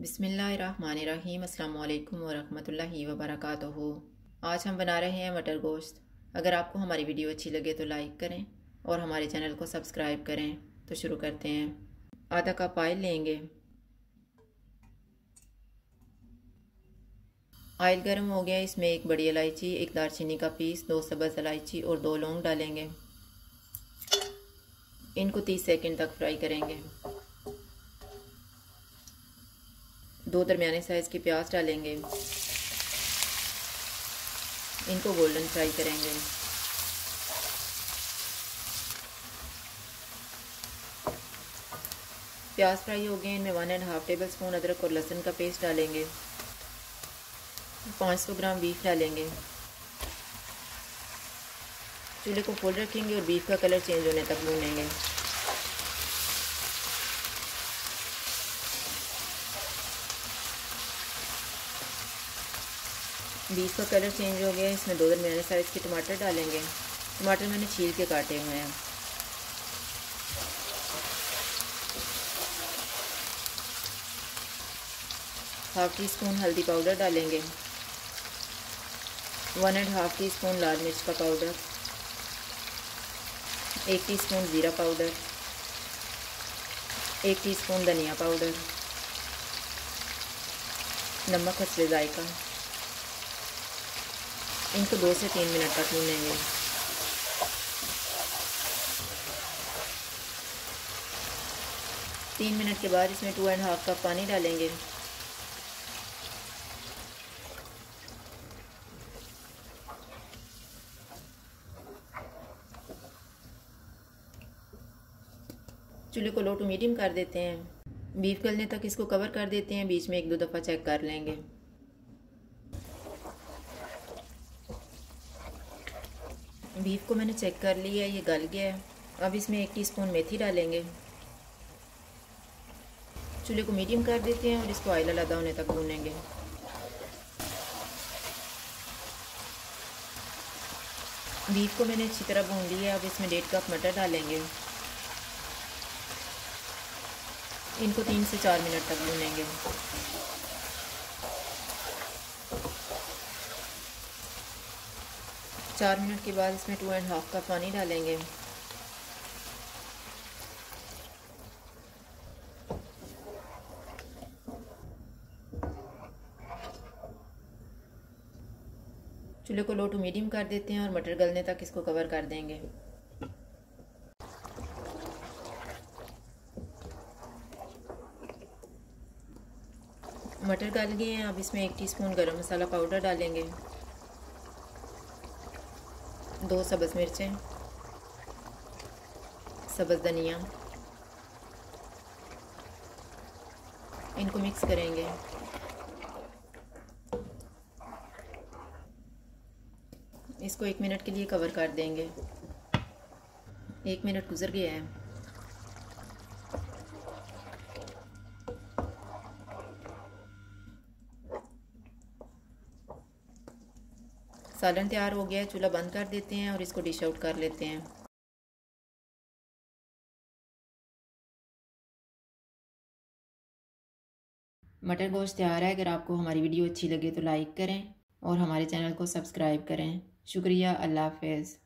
बिसमीम् अल्लाम वरहमतुल्लाहि वर्क आज हम बना रहे हैं मटर गोश्त अगर आपको हमारी वीडियो अच्छी लगे तो लाइक करें और हमारे चैनल को सब्सक्राइब करें तो शुरू करते हैं आधा कप आयल लेंगे आयल गर्म हो गया इसमें एक बड़ी इलायची एक दारचीनी का पीस दो सब्ज़ इलायची और दो लौंग डालेंगे इनको 30 सेकंड तक फ्राई करेंगे दो दरमियाने साइज़ के प्याज डालेंगे इनको गोल्डन फ्राई करेंगे प्याज फ्राई हो गए इनमें one and half tablespoon अदरक और लहसुन का पेस्ट डालेंगे पाँच सौ ग्राम बीफ डालेंगे चूल्हे को फुल रखेंगे और बीफ का कलर चेंज होने तक भूनेंगे बीज का कलर चेंज हो गया इसमें दो दिन मैंने साइज़ के टमाटर डालेंगे टमाटर मैंने छील के काटे हुए हैं हाफ टी स्पून हल्दी पाउडर डालेंगे one and half teaspoon लाल मिर्च का पाउडर एक टी स्पून ज़ीरा पाउडर एक टी स्पून धनिया पाउडर नमक हसले जायका इनको दो से तीन मिनट तक भूनेंगे तीन मिनट के बाद इसमें टू एंड हाफ कप पानी डालेंगे चूल्हे को लो टू मीडियम कर देते हैं बीफ गलने तक इसको कवर कर देते हैं बीच में एक दो दफ़ा चेक कर लेंगे बीफ को मैंने चेक कर लिया है ये गल गया है अब इसमें एक टीस्पून मेथी डालेंगे चूल्हे को मीडियम कर देते हैं और इसको ऑयल अलादा होने तक भूनेंगे बीफ को मैंने अच्छी तरह भून लिया अब इसमें डेढ़ कप मटर डालेंगे इनको तीन से चार मिनट तक भूनेंगे चार मिनट के बाद इसमें टू एंड हाफ कप पानी डालेंगे चूल्हे को लो टू मीडियम कर देते हैं और मटर गलने तक इसको कवर कर देंगे मटर गल गए हैं अब इसमें एक टीस्पून गरम मसाला पाउडर डालेंगे दो सब्ज़ मिर्चें सब्ज़ धनिया इनको मिक्स करेंगे इसको एक मिनट के लिए कवर कर देंगे एक मिनट गुजर गया है सालन तैयार हो गया है चूल्हा बंद कर देते हैं और इसको डिश आउट कर लेते हैं मटर गोश्त तैयार है अगर आपको हमारी वीडियो अच्छी लगे तो लाइक करें और हमारे चैनल को सब्सक्राइब करें शुक्रिया अल्लाह हाफिज